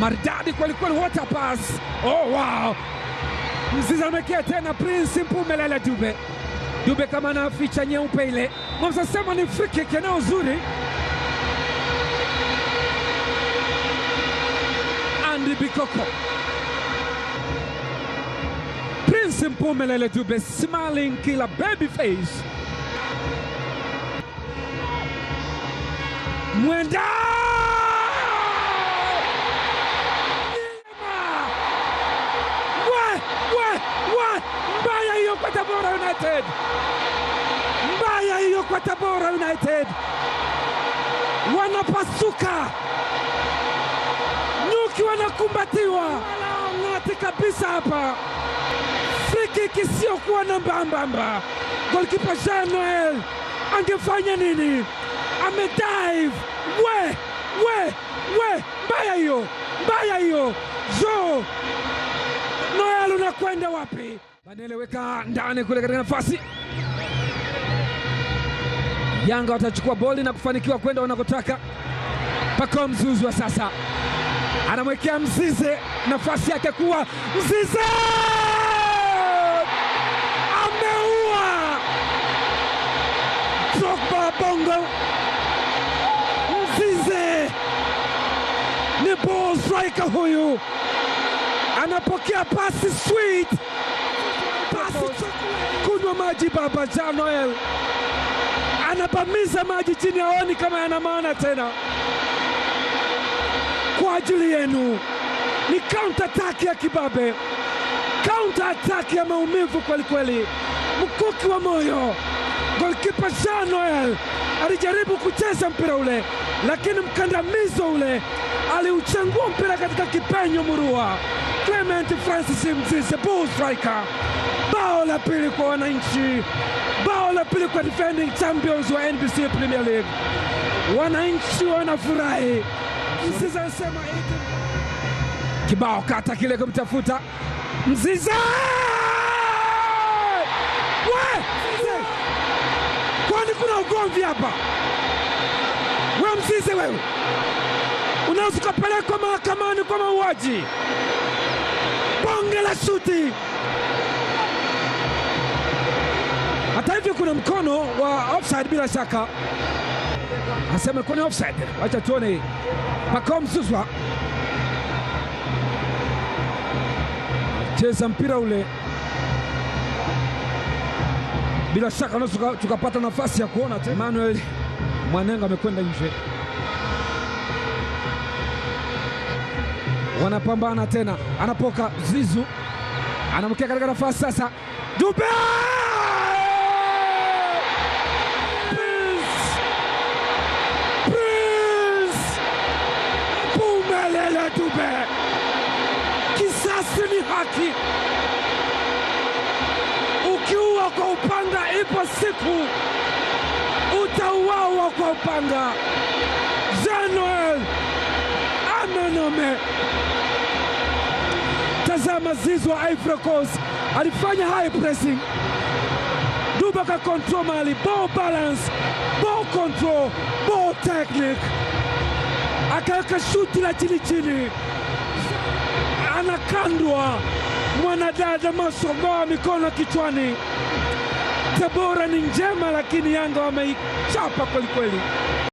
maridadi kwelikweli, water pass. Oh, wow! Mzizi amekia tena Prince Mpumelele Dube. Dube kama na ficha nyeupe ile, mwamsasema ni free kick eneo uzuri. Andy Bikoko Prince Mpumelele Dube smiling kila baby face Mwenda United, mbaya hiyo kwa Tabora United, wanapasuka nyuki, wanakumbatiwa ng'ati kabisa hapa, frikiki isiyokuwa na mbambamba. Golkipa Jean Noel angefanya nini? Amedive we we we, mbaya hiyo, mbaya hiyo. Jo Noel unakwenda wapi? Wanaeleweka ndani kule katika nafasi. Yanga watachukua boli na kufanikiwa kwenda wanakotaka. Pako Mzuzwa sasa anamwekea Mzize, nafasi yake kuwa Mzize ameua Drogba Bongo. Mzize ni ball striker huyu, anapokea pasi sweet kunywa maji Baba Jean Noel anabamiza maji chini, aoni kama yana maana tena kwa ajili yenu. Ni counter attack ya kibabe, counter attack ya maumivu kwelikweli, mkuki wa moyo. Golkipa Jean Noel alijaribu kucheza mpira ule, lakini mkandamizo ule aliuchangua mpira katika kipenyo murua. Clement Francis Mzize, bull striker pili kwa wananchi, bao la pili kwa defending champions wa NBC Premier League. Wananchi wanafurahi, msizasema kibao kata kile kumtafuta mziza we, kuna ugomvi hapa? We Mzize wewe, unaweza ukapelekwa mahakamani kwa mauaji. Bonge la shuti hivi kuna mkono wa offside bila shaka, aseme kuna offside. Wacha tuone Pacome Zouzoua cheza mpira ule, bila shaka na tukapata nafasi ya kuona tena. Emmanuel Mwanenga amekwenda nje, wanapambana tena, anapoka Zizu anamkia katika nafasi sasa, Dube haki, ukiua kwa upanga, ipo siku utauawa kwa upanga. Januel Amonome, tazama Zizou wa Ivory Coast alifanya high pressing, Duba ka control mali, ball balance, ball control, ball technique, akaweka shuti la chini chini anakandwa mwanadada Masogoa mikono kichwani. Tabora ni njema, lakini Yanga wameichapa kwelikweli.